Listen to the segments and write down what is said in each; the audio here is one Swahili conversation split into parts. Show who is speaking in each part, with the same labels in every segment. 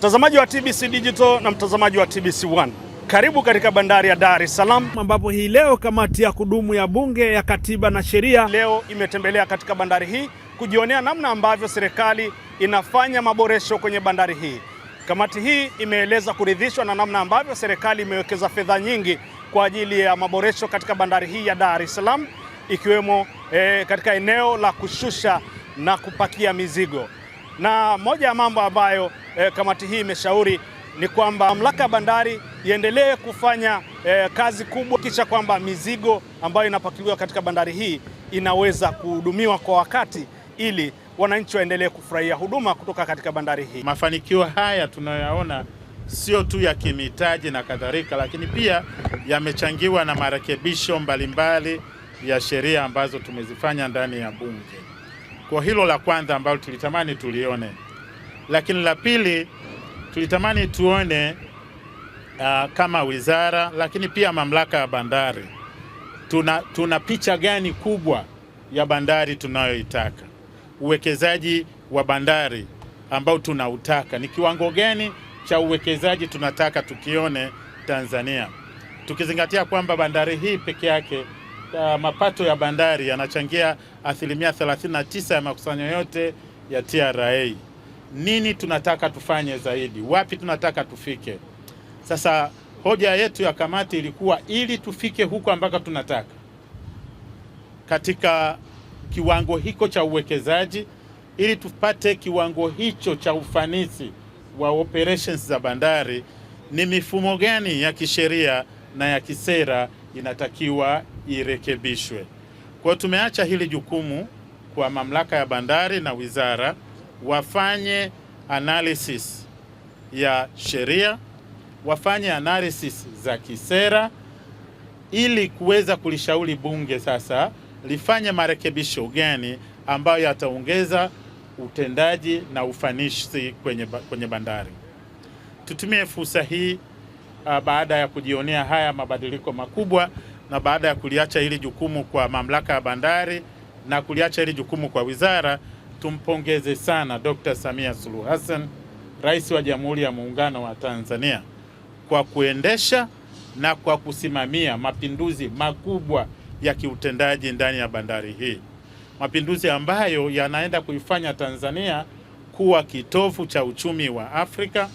Speaker 1: Mtazamaji wa TBC Digital na mtazamaji wa TBC One, karibu katika bandari ya Dar es Salaam
Speaker 2: ambapo hii leo kamati ya kudumu ya Bunge ya Katiba na Sheria
Speaker 1: leo imetembelea katika bandari hii kujionea namna ambavyo serikali inafanya maboresho kwenye bandari hii. Kamati hii imeeleza kuridhishwa na namna ambavyo serikali imewekeza fedha nyingi kwa ajili ya maboresho katika bandari hii ya Dar es Salaam ikiwemo eh, katika eneo la kushusha na kupakia mizigo. Na moja ya mambo ambayo eh, kamati hii imeshauri ni kwamba mamlaka ya bandari iendelee kufanya eh, kazi kubwa kisha kwamba mizigo ambayo inapakiliwa katika bandari hii inaweza kuhudumiwa kwa wakati ili wananchi waendelee kufurahia huduma kutoka katika bandari
Speaker 3: hii. Mafanikio haya tunayoyaona sio tu ya kimitaji na kadhalika, lakini pia yamechangiwa na marekebisho mbalimbali ya sheria ambazo tumezifanya ndani ya Bunge. Kwa hilo la kwanza ambalo tulitamani tulione, lakini la pili tulitamani tuone uh, kama wizara lakini pia mamlaka ya bandari tuna, tuna picha gani kubwa ya bandari tunayoitaka, uwekezaji wa bandari ambao tunautaka ni kiwango gani cha uwekezaji tunataka tukione Tanzania, tukizingatia kwamba bandari hii peke yake uh, mapato ya bandari yanachangia asilimia 39 ya makusanyo yote ya TRA. Nini tunataka tufanye zaidi? Wapi tunataka tufike? Sasa hoja yetu ya kamati ilikuwa ili tufike huko ambako tunataka katika kiwango hicho cha uwekezaji, ili tupate kiwango hicho cha ufanisi wa operations za bandari, ni mifumo gani ya kisheria na ya kisera inatakiwa irekebishwe. Kwa tumeacha hili jukumu kwa mamlaka ya bandari na wizara wafanye analysis ya sheria, wafanye analysis za kisera ili kuweza kulishauri bunge sasa lifanye marekebisho gani ambayo yataongeza utendaji na ufanisi kwenye, kwenye bandari. Tutumie fursa hii uh, baada ya kujionea haya mabadiliko makubwa na baada ya kuliacha hili jukumu kwa mamlaka ya bandari na kuliacha hili jukumu kwa wizara, tumpongeze sana Dr. Samia Suluhu Hassan, Rais wa Jamhuri ya Muungano wa Tanzania kwa kuendesha na kwa kusimamia mapinduzi makubwa ya kiutendaji ndani ya bandari hii, mapinduzi ambayo yanaenda kuifanya Tanzania kuwa kitovu cha uchumi wa Afrika,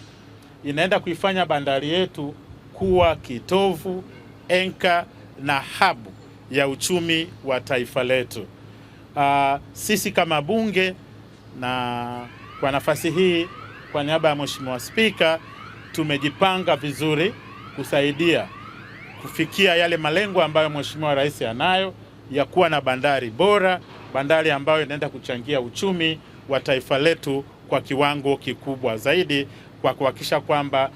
Speaker 3: inaenda kuifanya bandari yetu kuwa kitovu enka na habu ya uchumi wa taifa letu. Uh, sisi kama bunge na kwa nafasi hii kwa niaba ya Mheshimiwa Spika tumejipanga vizuri kusaidia kufikia yale malengo ambayo Mheshimiwa Rais anayo ya kuwa na bandari bora, bandari ambayo inaenda kuchangia uchumi wa taifa letu kwa kiwango kikubwa zaidi kwa kuhakikisha kwamba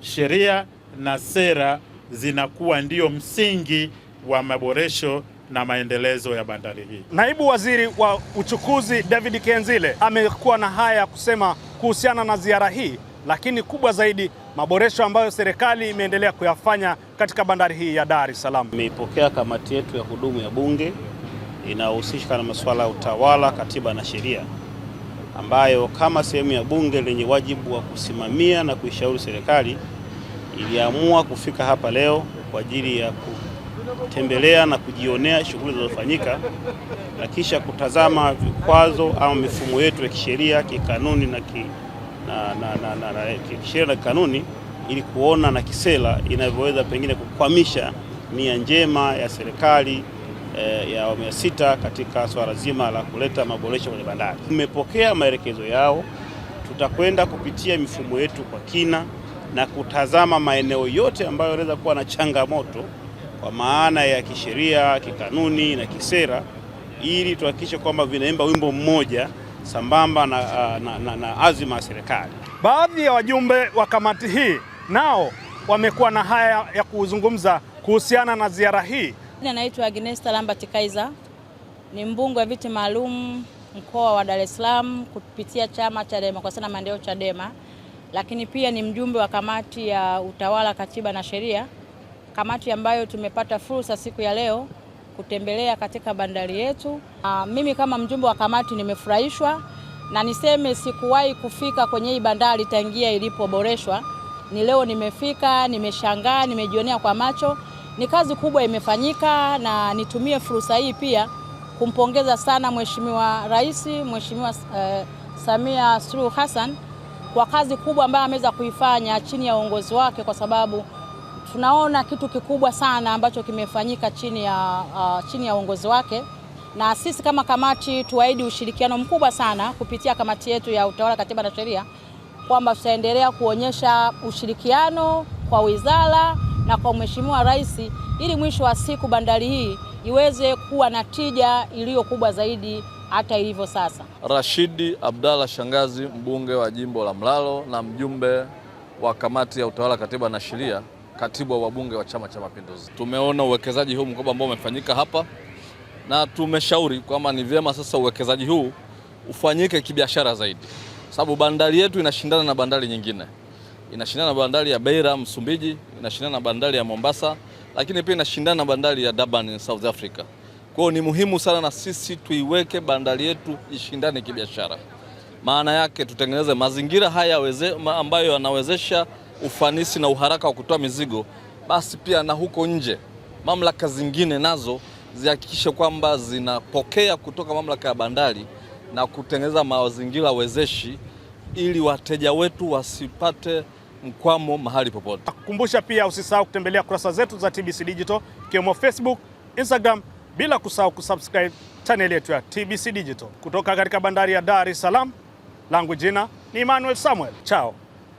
Speaker 3: sheria na sera zinakuwa ndio msingi wa maboresho na maendelezo ya bandari hii.
Speaker 1: Naibu Waziri wa Uchukuzi David Kenzile amekuwa na haya ya kusema kuhusiana na ziara hii, lakini kubwa zaidi maboresho ambayo serikali imeendelea kuyafanya katika bandari hii ya Dar es Salaam.
Speaker 4: Imeipokea kamati yetu ya kudumu ya Bunge inayohusika na masuala ya utawala, katiba na sheria, ambayo kama sehemu ya bunge lenye wajibu wa kusimamia na kuishauri serikali iliamua kufika hapa leo kwa ajili ya kutembelea na kujionea shughuli zinazofanyika na kisha kutazama vikwazo ama mifumo yetu ya kisheria, kikanuni na ki, na, na, na, na, na, eh, kisheria na kikanuni ili kuona na kisela inavyoweza pengine kukwamisha nia njema ya serikali eh, ya awamu ya sita katika swala zima la kuleta maboresho kwenye bandari. Tumepokea maelekezo yao, tutakwenda kupitia mifumo yetu kwa kina na kutazama maeneo yote ambayo yanaweza kuwa na changamoto kwa maana ya kisheria, kikanuni na kisera, ili tuhakikishe kwamba vinaimba wimbo mmoja sambamba na, uh, na, na, na azima ya serikali.
Speaker 1: Baadhi ya wajumbe wa kamati hii nao wamekuwa na haya ya kuzungumza kuhusiana na ziara hii.
Speaker 5: Naitwa Agnesta Lambert Kaiza, ni mbunge wa viti maalum mkoa wa Dar es Salaam kupitia chama cha Demokrasia na Maendeleo, Chadema lakini pia ni mjumbe wa kamati ya utawala, katiba na sheria, kamati ambayo tumepata fursa siku ya leo kutembelea katika bandari yetu. Aa, ah, mimi kama mjumbe wa kamati nimefurahishwa na niseme sikuwahi kufika kwenye hii bandari tangia ilipoboreshwa. Ni leo nimefika, nimeshangaa, nimejionea kwa macho. Ni kazi kubwa imefanyika, na nitumie fursa hii pia kumpongeza sana Mheshimiwa Rais, Mheshimiwa uh, Samia Suluhu Hassan kwa kazi kubwa ambayo ameweza kuifanya chini ya uongozi wake, kwa sababu tunaona kitu kikubwa sana ambacho kimefanyika chini ya, uh, chini ya uongozi wake, na sisi kama kamati tuahidi ushirikiano mkubwa sana kupitia kamati yetu ya utawala, katiba na sheria kwamba tutaendelea kuonyesha ushirikiano kwa wizara na kwa Mheshimiwa Rais ili mwisho wa siku bandari hii iweze kuwa na tija iliyo kubwa zaidi hata ilivyo sasa.
Speaker 6: Rashidi Abdalla Shangazi, mbunge wa jimbo la Mlalo na mjumbe wa kamati ya utawala, katiba na sheria, katibu wa wabunge wa Chama cha Mapinduzi.
Speaker 7: Tumeona uwekezaji huu mkubwa ambao umefanyika hapa na tumeshauri kwamba ni vyema sasa uwekezaji huu ufanyike kibiashara zaidi, sababu bandari yetu inashindana na bandari nyingine, inashindana na bandari ya Beira Msumbiji, inashindana na bandari ya Mombasa, lakini pia inashindana na bandari ya Durban South Africa. Kwa ni muhimu sana na sisi tuiweke bandari yetu ishindane kibiashara. Maana yake tutengeneze mazingira haya weze, ambayo yanawezesha ufanisi na uharaka wa kutoa mizigo, basi pia na huko nje mamlaka zingine nazo zihakikishe kwamba zinapokea kutoka mamlaka ya bandari na kutengeneza mazingira wezeshi ili wateja wetu wasipate mkwamo mahali popote.
Speaker 1: Kukumbusha pia usisahau kutembelea kurasa zetu za TBC Digital ikiwemo Facebook, Instagram bila kusahau kusubscribe chaneli yetu ya TBC Digital. Kutoka katika bandari ya Dar es Salaam, langu jina ni Emmanuel Samuel. Chao.